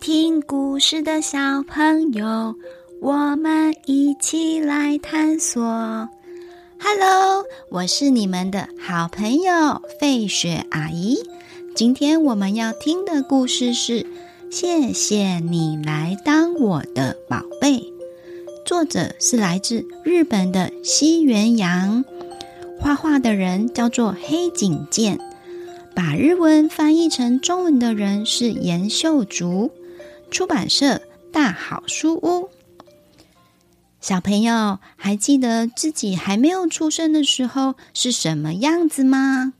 聽故事的小朋友，我們一起來探索。Hello，我是你們的好朋友費雪阿姨。今天我們要聽的故事是《謝謝你來當我的寶貝》，作者是來自日本的西元洋，畫畫的人叫做黑井健，把日文翻譯成中文的人是顏秀竹。出版社大好書屋，小朋友還記得自己還沒有出生的時候是什麼樣子嗎？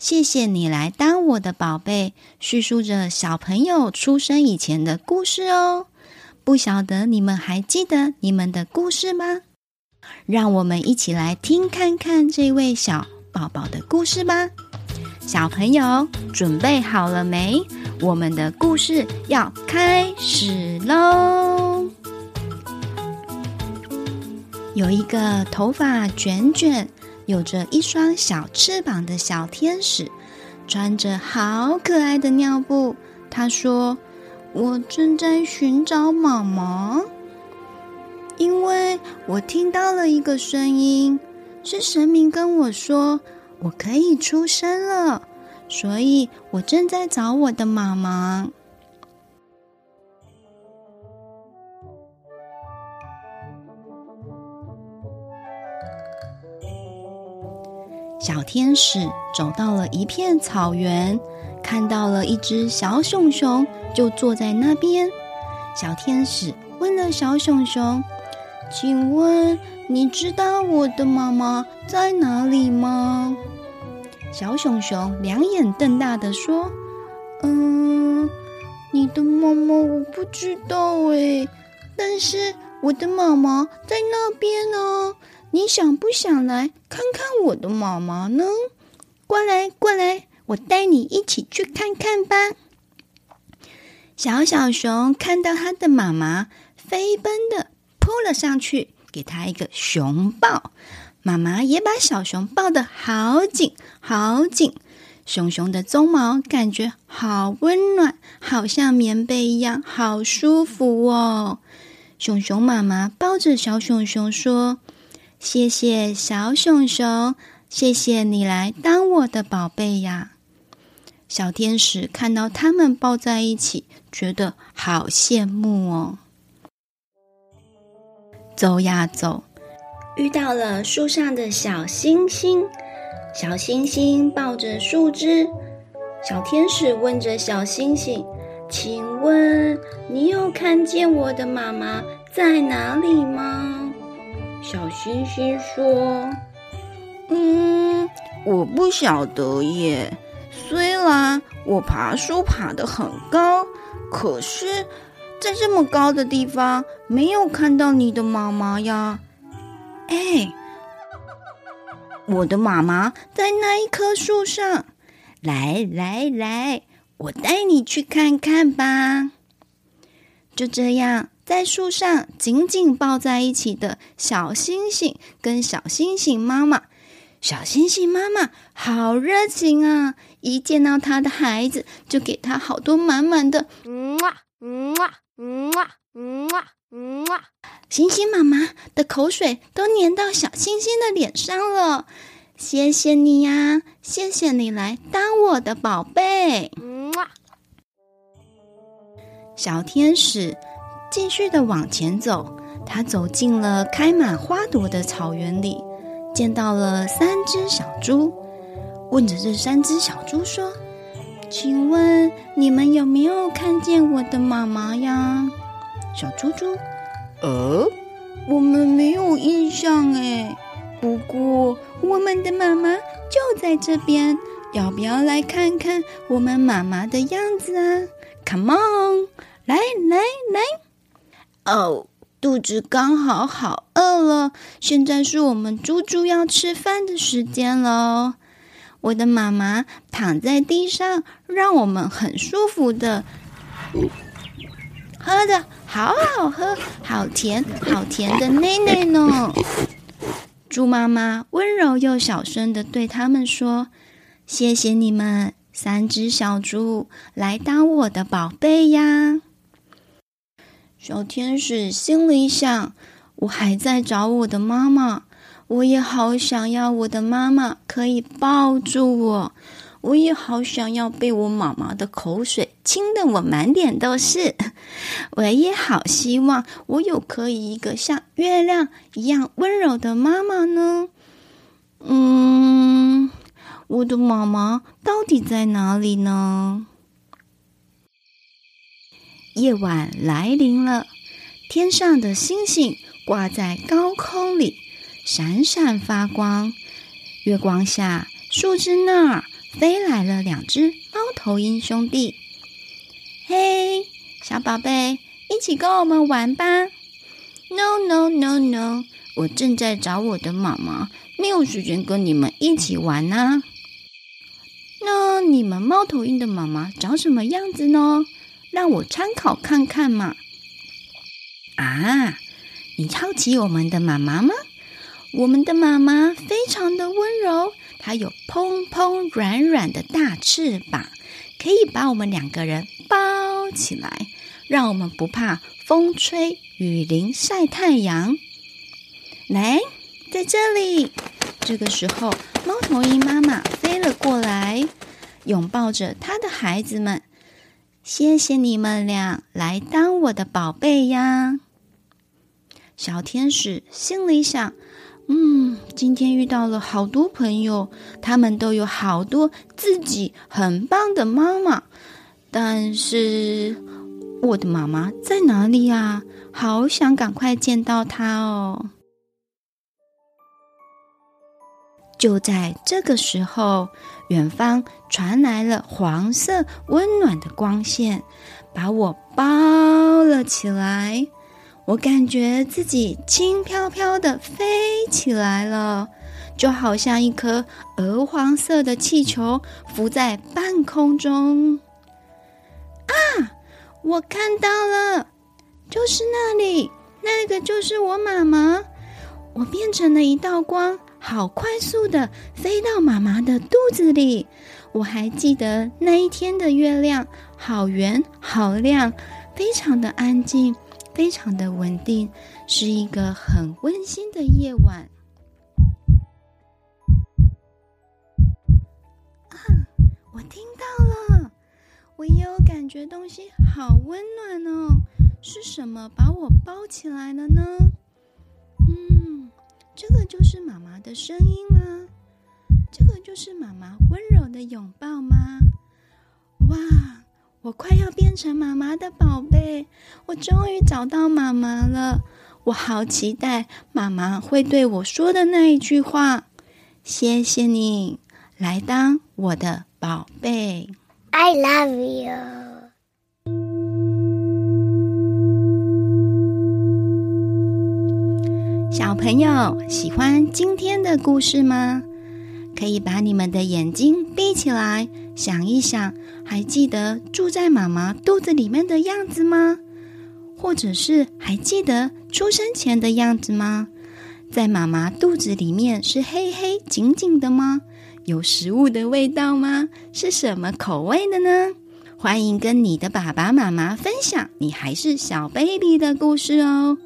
謝謝你來當我的寶貝，敘述着小朋友出生以前的故事哦。不曉得你們還記得你們的故事嗎？讓我們一起來聽看看這位小寶寶的故事吧。小朋友，準備好了沒？我們的故事要開始嘍！有一個頭髮捲捲、有着一雙小翅膀的小天使，穿着好可愛的尿布。他說：“我正在尋找媽媽，因為我聽到了一個聲音，是神明跟我說。”我可以出生了，所以我正在找我的媽媽。小天使走到了一片草原，看到了一隻小熊熊，就坐在那邊。小天使問了小熊熊：“請問……”你知道我的媽媽在哪裡嗎？小熊熊兩眼瞪大的說：“嗯，你的媽媽我不知道哎，但是我的媽媽在那邊呢。你想不想來看看我的媽媽呢？過來，過來，我帶你一起去看看吧。”小小熊看到他的媽媽，飛奔的撲了上去。給他一個熊抱，媽媽也把小熊抱得好緊好緊，熊熊的鬃毛感覺好溫暖，好像棉被一樣，好舒服哦。熊熊媽媽抱着小熊熊說：“謝謝小熊熊，謝謝你來當我的寶貝呀。”小天使看到他們抱在一起，覺得好羨慕哦。走呀走，遇到了樹上的小星星。小星星抱着樹枝，小天使問着小星星：“請問你有看見我的媽媽在哪裡嗎？”小星星說：“嗯，我不曉得耶。雖然我爬樹爬得很高，可是……”在這麼高的地方，沒有看到你的媽媽呀！哎，我的媽媽在那一棵樹上。來來來，我帶你去看看吧。就這樣，在樹上緊緊抱在一起的小猩猩跟小猩猩媽媽，小猩猩媽媽好熱情啊！一見到她的孩子，就給她好多滿滿的，嗯、呃、哇，嗯、呃、哇。呃嗯哇嗯哇嗯哇，星星媽媽的口水都粘到小星星的臉上了，謝謝你呀、啊，謝謝你來當我的寶貝。嗯哇，小天使繼續的往前走，他走進了開滿花朵的草原裡，見到了三隻小豬，問着這三隻小豬說。請問你們有沒有看見我的媽媽呀，小豬豬？呃，我們沒有印象哎。不過我們的媽媽就在這邊，要不要來看看我們媽媽的樣子啊？Come on，來來來！哦，肚子剛好好餓了，現在是我們豬豬要吃飯的時間嘍。我的媽媽躺在地上，讓我們很舒服的喝的好好喝，好甜，好甜的奶奶呢。 豬媽媽溫柔又小聲的對他們說：“謝謝你們，三隻小豬，來當我的寶貝呀。”小天使心裡想：“我還在找我的媽媽。”我也好想要我的媽媽可以抱住我，我也好想要被我媽媽的口水親得我滿臉都是。我也好希望我有可以一個像月亮一樣溫柔的媽媽呢。嗯，我的媽媽到底在哪裡呢？夜晚來臨了，天上的星星掛在高空裡。閃閃發光，月光下，樹枝那兒飛來了兩隻貓頭鷹兄弟。嘿、hey，小寶貝，一起跟我們玩吧 no！No no no no，我正在找我的媽媽，沒有時間跟你們一起玩呢、啊。那你們貓頭鷹的媽媽長什麼樣子呢？讓我參考看看嘛。啊，你好奇我們的媽媽嗎？我們的媽媽非常的溫柔，她有蓬蓬軟軟的大翅膀，可以把我們兩個人包起來，讓我們不怕風吹、雨淋、曬太陽。來，在這裡，這個時候，貓頭鷹媽媽飛了過來，擁抱着她的孩子們。謝謝你們倆來當我的寶貝呀，小天使心裡想。嗯，今天遇到了好多朋友，他們都有好多自己很棒的媽媽，但是我的媽媽在哪裡啊？好想趕快見到她哦。就在這個時候，遠方傳來了黃色溫暖的光線，把我包了起來。我感覺自己輕飄飄的飛起來了，就好像一顆鵝黃色的氣球浮在半空中。啊，我看到了，就是那裡，那個就是我媽媽。我變成了一道光，好快速的飛到媽媽的肚子裡。我還記得那一天的月亮，好圓，好亮，非常的安靜。非常的穩定，是一個很溫馨的夜晚。啊，我聽到了，我也有感覺東西好溫暖哦，是什麼把我抱起來了呢？嗯，這個就是媽媽的聲音嗎？啊？這個就是媽媽溫柔的擁抱嗎？哇！我快要變成媽媽的寶貝，我終於找到媽媽了，我好期待媽媽會對我說的那一句話。謝謝你，來當我的寶貝，I love you。小朋友喜歡今天的故事嗎？可以把你們的眼睛閉起來，想一想，還記得住在媽媽肚子裡面的樣子嗎？或者是還記得出生前的樣子嗎？在媽媽肚子裡面是黑黑緊緊的嗎？有食物的味道嗎？是什麼口味的呢？歡迎跟你的爸爸媽媽分享你還是小 baby 的故事哦。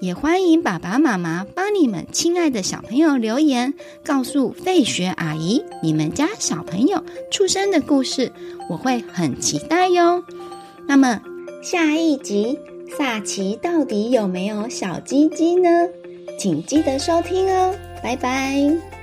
也歡迎爸爸媽媽幫你們親愛的小朋友留言，告訴費雪阿姨你們家小朋友出生的故事，我會很期待喲。那麼下一集薩奇到底有沒有小雞雞呢？請記得收聽哦，拜拜。